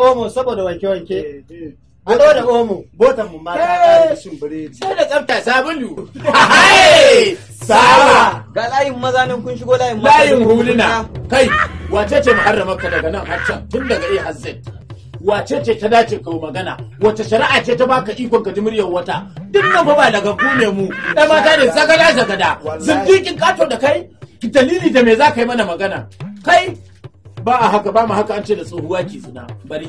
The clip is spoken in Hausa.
omo saboda wanke-wanke eh, eh. a da omo botan mu ma da sai da tsafta sabulu saba ga layin maza nan kun shigo layin maza layin huluna kai wace ce muharramarka daga nan har can tun daga a har wace ce ta dace ka magana wace shari'a ce ta baka ikon ka ji muryar wata duk nan fa ba daga ne mu da mata ne zagada zagada zindikin kato da kai Ki dalili da me za ka yi mana magana kai ba a haka ba mu haka an ce da tsohuwa ki zina bari